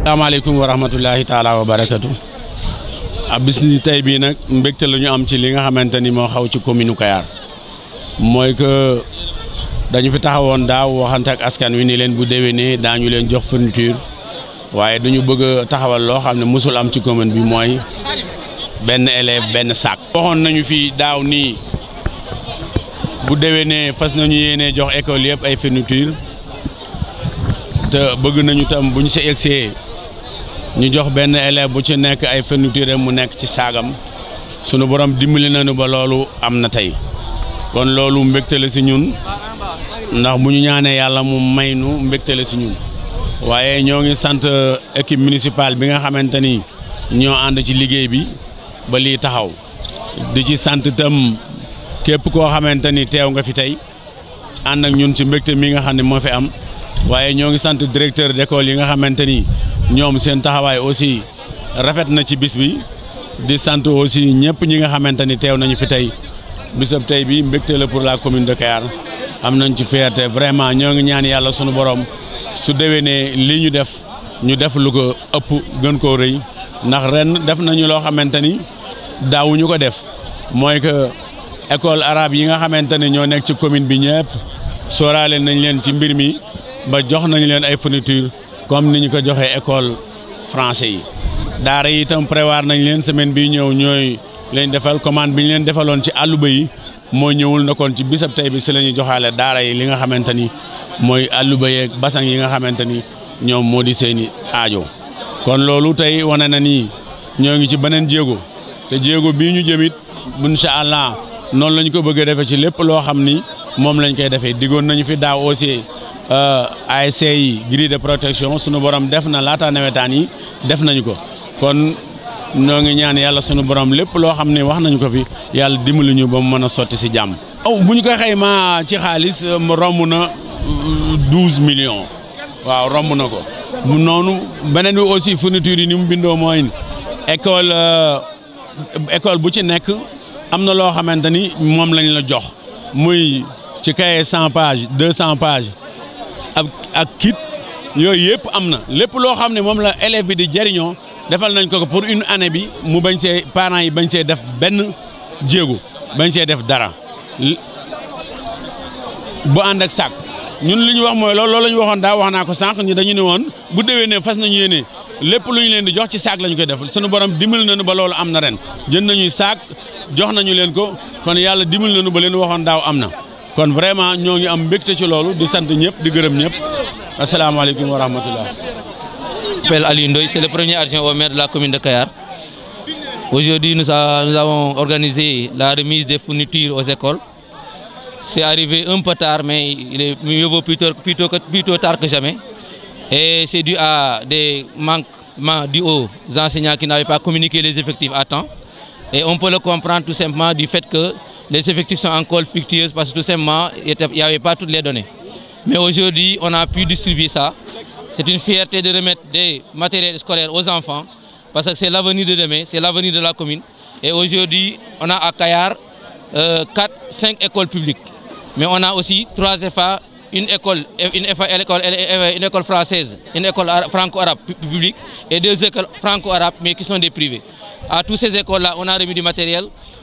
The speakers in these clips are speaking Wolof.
asalaamaaleykum wa rahmatullahi taala wa barakatu ab bis ni tey bii nag mbégte la ñu am ci li nga xamante ni moo xaw ci commune Kayar mooy que dañu fi taxawoon daaw waxante ak askan wi nii leen bu déwénee daañu leen jox fourniture waaye duñu bëgg taxawal loo xam ne mësul am ci commune bi mooy benn élève benn sac. waxoon nañu fi daaw nii bu déwénee fas nañu yéenee jox école yëpp ay fourniture te bëgg nañu tam bu ñu si egsee ñu jox benn élève bu ci nekk ay fourniture mu nekk ci saagam sunu borom dimbali nañu ba loolu am na tey kon loolu mbégte si ñun ndax mu ñu ñaane yàlla mu may nu mbégte la si ñun waaye ñoo ngi sant euh, équipe municipale bi nga xamante ni ñoo ànd ci liggéey bi ba lii taxaw di ci sant itam képp koo xamante ni teew nga fi tey ànd ak ñun ci mbégte mi nga xam ne moo fi am waaye ñoo ngi sant directeur d'école yi nga xamante ni ñoom seen taxawaay aussi rafet na ci bis bi di sant aussi ñëpp ñi nga xamante ni teew nañu fi tey bisab tey bi mbégte pour la commune de Kayar am nañ ci fierté vraiment ñoo ngi ñaan yàlla sunu borom su dewee déwénee lii ñu def ñu def lu ko ëpp gën koo rëy ndax ren def nañu loo xamante ni daawuñu ko def mooy que école arabe yi nga xamante ne ñoo nekk ci commune bi ñëpp sóoraale nañ leen ci mbir mi ba jox nañ leen ay fourniture comme ni ñu ko joxee école français yi daara yi itam prévoir nañ leen semaine bi ñëw ñooy leen defal commande bi ñu leen defaloon ci àlluba yi moo ñëwul nekkoon ci bisab tey bi si la ñuy joxaale daara yi li nga xamante ni mooy àlluba yeeg basang yi nga xamante ni ñoom moo di seeni aajo kon loolu tey wane na nii ñoo ngi ci beneen jéego te jéego bii ñu jëmit incha allah noonu lañ ko bëgg defe ci lépp loo xam ni moom lañ koy defee diggoon nañu fi Euh, ASC yi grille de protection sunu borom def na laata nawetaan yi def nañu ko kon noo ngi ñaan yàlla sunu borom lépp loo xam ne wax nañu ko fi yàlla dimbali ñu ba mu mën a sotti si jàmm. aw bu ñu ko xaymaa ci xaalis euh, romb na euh, douze million waaw romb na ko noonu beneen bi aussi fourniture yi ni mu bindoo mooy école école bu ci nekk am na loo xamante ni moom lañu la jox muy ci cahier cent pages deux cent pages. ak ak kit yooyu yëpp am na lépp loo xam ne moom la élève bi di jariñoo defal nañ ko ko pour une année bi mu bañ see parents yi bañ see def benn jéegu bañ see def dara bu ànd ak sac ñun li ñu wax mooy loolu loolu la waxoon daaw wax naa ko sànq ñu dañu ne woon bu nee fas nañu yéene lépp lu ñu leen di jox ci saak la ñu koy def sunu borom dimbali nañu ba loolu am na ren jën nañuy saak jox nañu leen ko kon yàlla dimbali nañu ba leen waxoon daaw am na. kon vraiment ñoo ngi am mbégte ci loolu di sant ñëpp di gërëm ñëpp asalaamaaleykum wa rahmatullah. Je m'appelle Ali c'est le premier adjoint au de la commune de Kayar. Aujourd'hui, nous, nous, avons organisé la remise des fournitures aux écoles. C'est arrivé un peu tard, mais il est mieux vaut plutôt, plutôt, plutôt tard que Et c'est à des manquements dus aux enseignants qui pas communiqué les effectifs à temps. Et on peut le comprendre tout simplement du fait que les effectifs sont encore fluctueux parce que tout simplement, il n'y avait pas toutes les données. Mais aujourd'hui, on a pu distribuer C'est une fierté de remettre des matériels scolaires aux enfants parce que c'est l'avenir de demain, c'est l'avenir de la commune. Et aujourd'hui, on a à Kayar euh, 4, 5 écoles publiques. Mais on a aussi trois FA, une école, une, FA, une, école, une école, française, une franco-arabe publique et deux écoles franco-arabes mais qui sont des privées. À toutes ces écoles-là, on a remis du matériel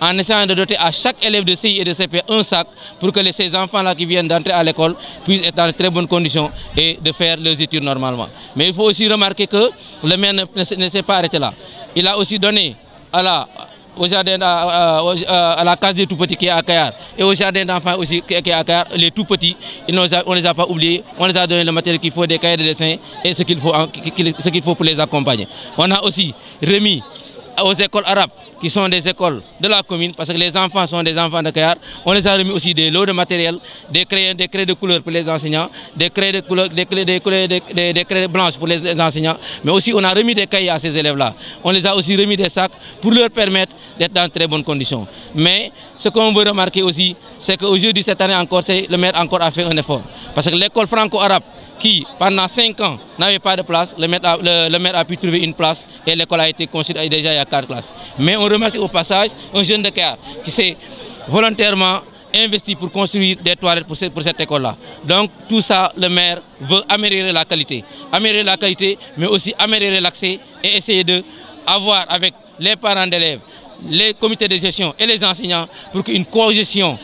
en essayant de doter à chaque élève de CI et de CP un sac pour que ces enfants-là qui viennent d'entrer à l'école puissent être dans de très bonnes conditions et de faire leurs études normalement. Mais il faut aussi remarquer que le maire ne, s'est pas Il a aussi donné à la, au jardin, à, à, à, la case des tout-petits qui est à Kayar et au d'enfants aussi qui est Kayar, les tout-petits, on les a pas oubliés, on les a donné le matériel qu'il faut, des cahiers de dessin et ce aux écoles arabes, qui sont des écoles de la commune, parce que les enfants sont des enfants de Kayar. On les a remis aussi des lots de matériel, des crayons, de couleur pour les enseignants, des crayons de couleur, pour les enseignants. Mais aussi, on a remis des cahiers à ces élèves-là. On les a aussi remis des sacs pour leur permettre d'être dans très bonnes conditions. Mais ce qu'on veut remarquer aussi, c'est qu'aujourd'hui, cette année encore, le maire qui, pendant 5 ans, n'avait pas de place, le maire, a, le, le maire, a, pu trouver une place et l'école a été construite déjà y a 4 classes. Mais on remercie au passage un jeune de Caire qui s'est volontairement investi pour construire des toilettes pour cette, école-là. Donc tout ça, le maire veut améliorer la qualité. Améliorer la qualité, mais aussi améliorer l'accès et essayer d'avoir avec les parents d'élèves, les comités de gestion et les enseignants pour qu'une cogestion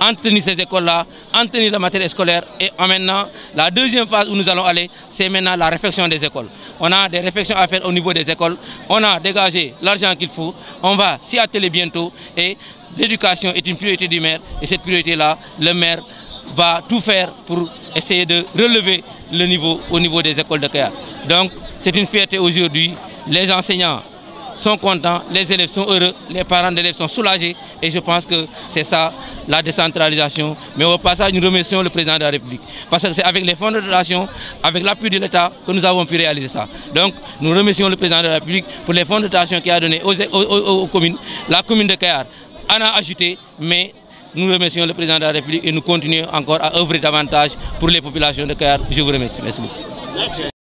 entretenir ces écoles-là, entretenir le matériel scolaire. Et en maintenant, la deuxième phase où nous allons aller, c'est maintenant la réflexion des écoles. On a des réflexions à faire au niveau des écoles. On a dégagé l'argent qu'il faut. On va s'y atteler bientôt. Et l'éducation est une priorité du maire. Et cette priorité-là, le maire va tout faire pour essayer de relever le niveau au niveau des écoles de Kayar. Donc, c'est une fierté aujourd'hui. Les enseignants sont contents, les élèves sont heureux, les parents d'élèves sont soulagés et je pense que c'est ça la décentralisation. Mais au passage, nous remercions le président de la République parce que c'est avec les fonds de dotation, avec l'appui de l'État que nous avons pu réaliser ça. Donc nous remercions le président de la République pour les fonds de dotation qu'il a donnés aux, aux, aux, aux, communes. La commune de Kayar en a ajouté, mais nous remercions le président de